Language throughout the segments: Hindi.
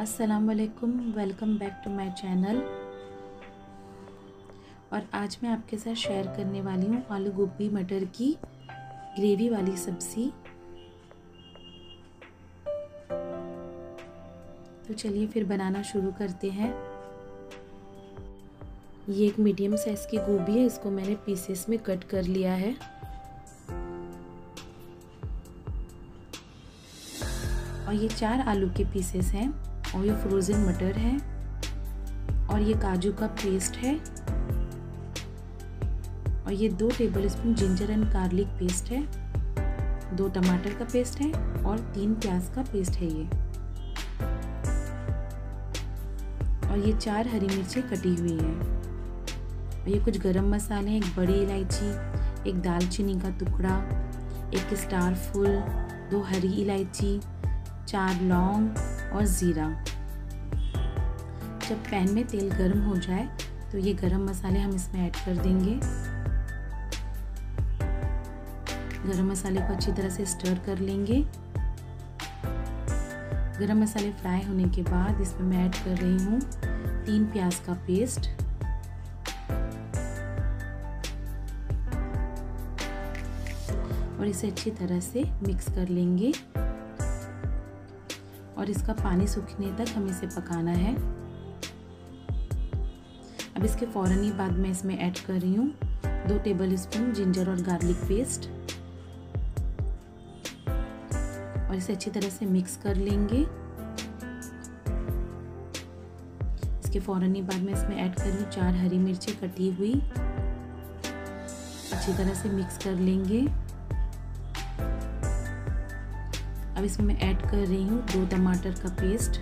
अस्सलाम welcome back to my channel और आज मैं आपके साथ शेयर करने वाली हूँ आलू गोभी मटर की ग्रेवी वाली सब्ज़ी तो चलिए फिर बनाना शुरू करते हैं ये एक मीडियम साइज़ की गोभी है इसको मैंने पीसेस में कट कर लिया है और ये चार आलू के पीसेस हैं और ये फ्रोज़न मटर है और ये काजू का पेस्ट है और ये दो tablespoon ginger and garlic paste है दो टमाटर का पेस्ट है और तीन प्याज का पेस्ट है ये और ये चार हरी मिर्चें कटी हुई हैं और ये कुछ गरम मसाले हैं एक बड़ी इलायची एक दालचीनी का टुकड़ा एक स्टार फूल दो हरी इलायची चार लौंग और ज़ीरा जब पैन में तेल गर्म हो जाए तो ये गरम मसाले हम इसमें ऐड कर देंगे गरम मसाले को अच्छी तरह से स्टर कर लेंगे गरम मसाले फ्राई होने के बाद इसमें मैं ऐड कर रही हूँ तीन प्याज का पेस्ट और इसे अच्छी तरह से मिक्स कर लेंगे और इसका पानी सूखने तक हमें इसे पकाना है अब इसके फौरन ही बाद मैं इसमें ऐड कर रही हूँ दो टेबल स्पून जिंजर और गार्लिक पेस्ट और इसे अच्छी तरह से मिक्स कर लेंगे इसके फौरन ही बाद में इसमें ऐड कर रही हूँ चार हरी मिर्ची कटी हुई अच्छी तरह से मिक्स कर लेंगे अब इसमें मैं ऐड कर रही हूँ दो टमाटर का paste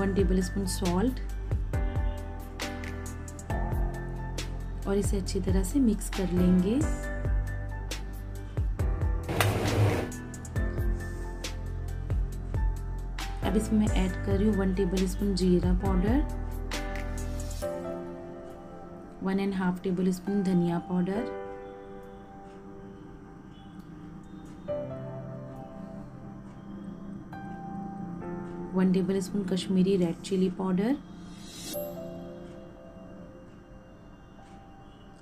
one tablespoon salt और इसे अच्छी तरह से मिक्स कर लेंगे अब इसमें मैं ऐड कर रही हूँ वन टेबल स्पून जीरा powder one and half tablespoon धनिया powder one tablespoon Kashmiri red chilli powder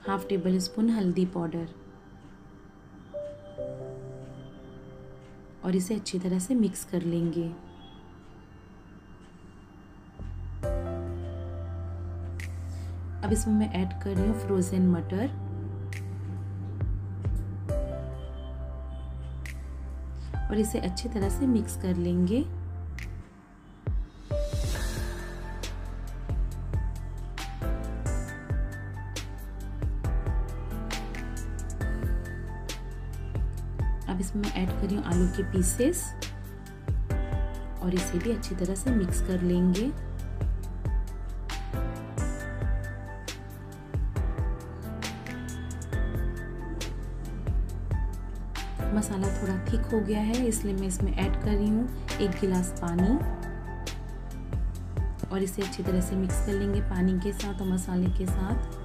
half tablespoon हल्दी पाउडर और इसे अच्छी तरह से मिक्स कर लेंगे अब इसमें मैं ऐड कर रही हूँ फ्रोज़न मटर और इसे अच्छी तरह से मिक्स कर लेंगे मैं ऐड कर रही हूँ आलू के पीसेस और इसे भी अच्छी तरह से मिक्स कर लेंगे मसाला थोड़ा थिक हो गया है इसलिए मैं इसमें ऐड कर रही हूँ एक गिलास पानी और इसे अच्छी तरह से मिक्स कर लेंगे पानी के साथ और मसाले के साथ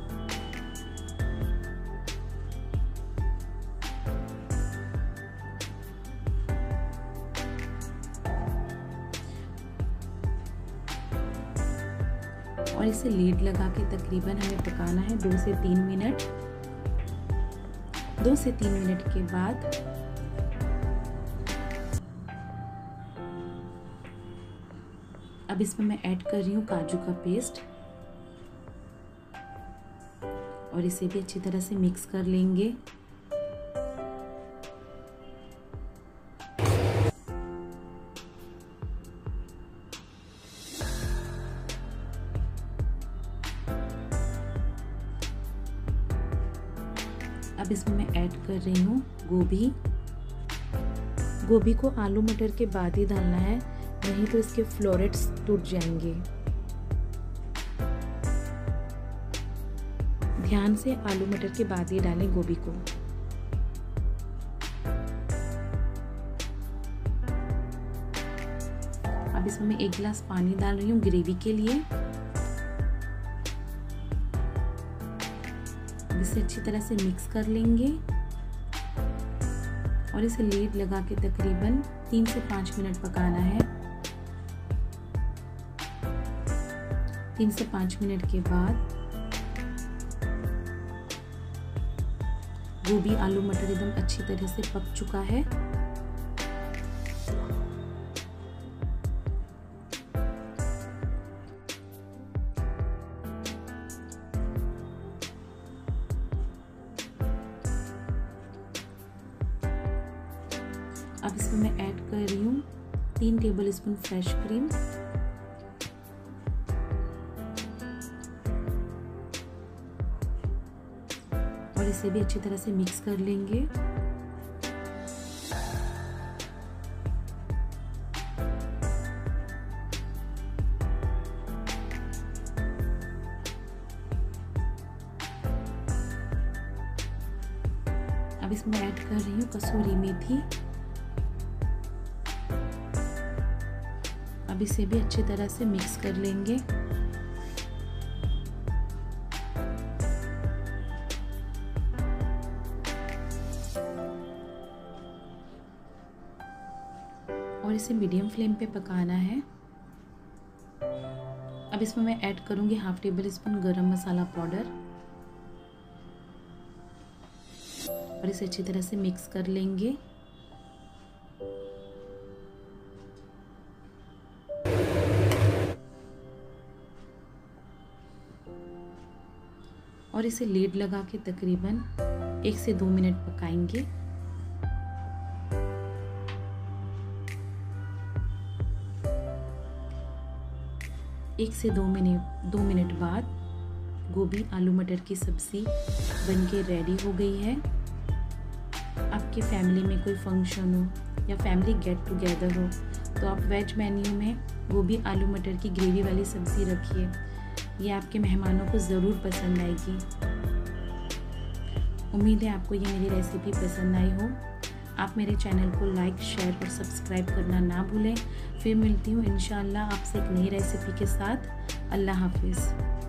और इसे लीड लगा के तकरीबन हमें पकाना है दो से तीन मिनट दो से तीन मिनट के बाद अब इसमें मैं ऐड कर रही हूँ काजू का पेस्ट और इसे भी अच्छी तरह से मिक्स कर लेंगे अब इसमें मैं ऐड कर रही हूँ गोभी गोभी को आलू मटर के बाद ही डालना है नहीं तो इसके फ्लोरेट्स टूट जाएंगे ध्यान से आलू मटर के बाद ही डालें गोभी को अब इसमें मैं एक गिलास पानी डाल रही हूँ ग्रेवी के लिए इसे अच्छी तरह से मिक्स कर लेंगे और इसे लीड लगा के तकरीबन तीन से पाँच मिनट पकाना है तीन से पाँच मिनट के बाद गोभी आलू मटर एकदम अच्छी तरह से पक चुका है अब इसमें मैं ऐड कर रही हूँ तीन टेबल स्पून फ्रेश क्रीम और इसे भी अच्छी तरह से मिक्स कर लेंगे अब इसमें ऐड कर रही हूँ कसूरी मेथी अब इसे भी अच्छी तरह से मिक्स कर लेंगे और इसे मीडियम फ्लेम पे पकाना है अब इसमें मैं ऐड करूंगी हाफ टेबल स्पून गरम मसाला पाउडर और इसे अच्छी तरह से मिक्स कर लेंगे और इसे लेड लगा के तकरीबन एक से दो मिनट पकाएंगे एक से दो मिनट दो मिनट बाद गोभी आलू मटर की सब्ज़ी बनके रेडी हो गई है आपके फैमिली में कोई फंक्शन हो या फैमिली गेट टुगेदर हो तो आप वेज मेन्यू में गोभी आलू मटर की ग्रेवी वाली सब्ज़ी रखिए ये आपके मेहमानों को ज़रूर पसंद आएगी उम्मीद है आपको ये मेरी रेसिपी पसंद आई हो आप मेरे चैनल को लाइक शेयर और सब्सक्राइब करना ना भूलें फिर मिलती हूँ इन आपसे एक नई रेसिपी के साथ अल्लाह हाफिज़